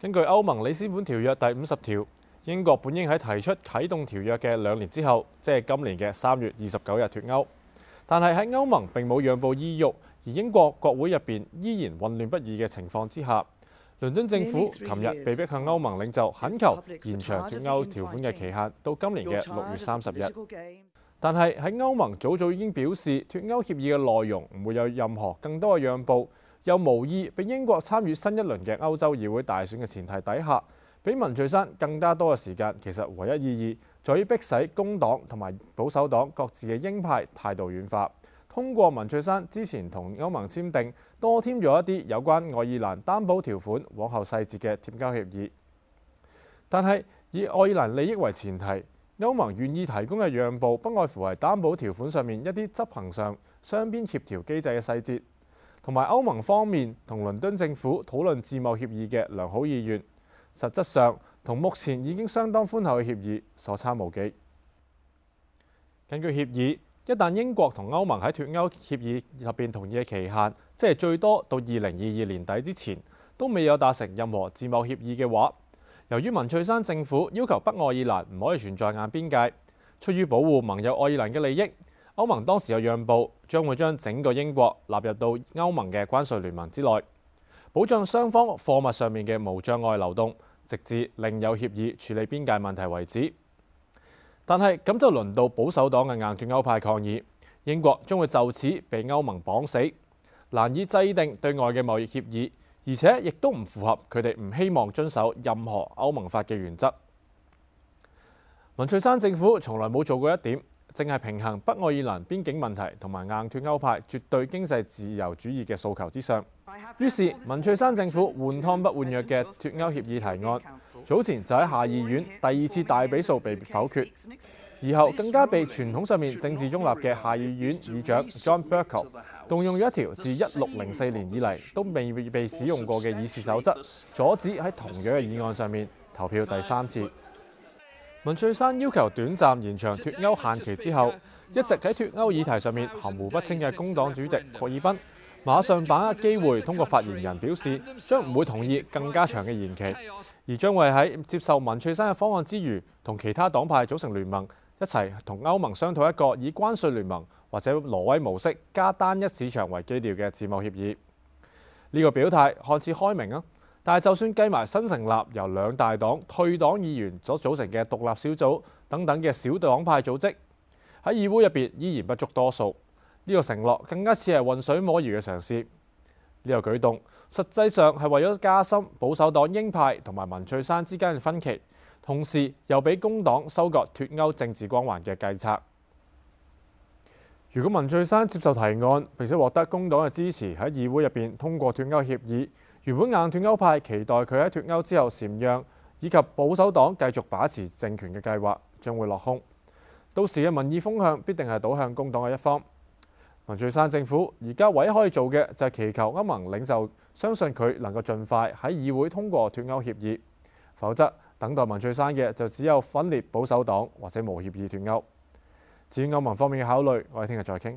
根據歐盟里斯本條約第五十條，英國本應喺提出啟動條約嘅兩年之後，即係今年嘅三月二十九日脱歐。但係喺歐盟並冇讓步意欲，而英國國會入邊依然混亂不已嘅情況之下，倫敦政府琴日被迫向歐盟領袖，懇求延長脱歐條款嘅期限到今年嘅六月三十日。但係喺歐盟早早已經表示，脱歐協議嘅內容唔會有任何更多嘅讓步。又無意俾英國參與新一輪嘅歐洲議會大選嘅前提底下，俾文翠山更加多嘅時間。其實唯一意義在於逼使工黨同埋保守黨各自嘅鷹派態度軟化，通過文翠山之前同歐盟簽訂多添咗一啲有關愛爾蘭擔保條款，往後細節嘅貼交協議。但係以愛爾蘭利益為前提，歐盟願意提供嘅讓步，不外乎係擔保條款上面一啲執行上雙邊協調機制嘅細節。同埋歐盟方面同倫敦政府討論自貿協議嘅良好意願，實質上同目前已經相當寬厚嘅協議所差無幾。根據協議，一旦英國同歐盟喺脫歐協議入邊同意嘅期限，即係最多到二零二二年底之前，都未有達成任何自貿協議嘅話，由於文翠山政府要求北愛爾蘭唔可以存在硬邊界，出於保護盟友愛爾蘭嘅利益，歐盟當時有讓步。將會將整個英國納入到歐盟嘅關稅聯盟之內，保障雙方貨物上面嘅無障礙流動，直至另有協議處理邊界問題為止。但係咁就輪到保守黨嘅硬脫歐派抗議，英國將會就此被歐盟綁死，難以制定對外嘅貿易協議，而且亦都唔符合佢哋唔希望遵守任何歐盟法嘅原則。文翠珊政府從來冇做過一點。正係平衡北愛爾蘭邊境問題同埋硬脱歐派絕對經濟自由主義嘅訴求之上，於是文翠山政府換湯不換藥嘅脱歐協議提案，早前就喺下議院第二次大比數被否決，而後更加被傳統上面政治中立嘅下議院議長 John Bercow 動用咗一條自一六零四年以嚟都未被使用過嘅議事守則，阻止喺同樣嘅議案上面投票第三次。文翠山要求短暫延長脱歐限期之後，一直喺脱歐議題上面含糊不清嘅工黨主席郝爾賓，馬上把握機會，通過發言人表示，將唔會同意更加長嘅延期，而將會喺接受文翠山嘅方案之餘，同其他黨派組成聯盟，一齊同歐盟商討一個以關稅聯盟或者挪威模式加單一市場為基調嘅自貿協議。呢、這個表態看似開明啊！但係，就算計埋新成立由兩大黨退黨議員所組成嘅獨立小組等等嘅小黨派組織，喺議會入邊依然不足多數。呢個承諾更加似係混水摸魚嘅嘗試。呢個舉動實際上係為咗加深保守黨鷹派同埋文翠山之間嘅分歧，同時又俾工黨收割脱歐政治光環嘅計策。如果文翠山接受提案並且獲得工黨嘅支持，喺議會入邊通過脱歐協議，原本硬脫歐派，期待佢喺脱歐之後禪讓，以及保守黨繼續把持政權嘅計劃，將會落空。到時嘅民意風向，必定係倒向工黨嘅一方。文翠山政府而家唯一可以做嘅，就係祈求歐盟領袖相信佢能夠盡快喺議會通過脱歐協議，否則等待文翠山嘅就只有分裂保守黨或者無協議脱歐。至於歐盟方面嘅考慮，我哋聽日再傾。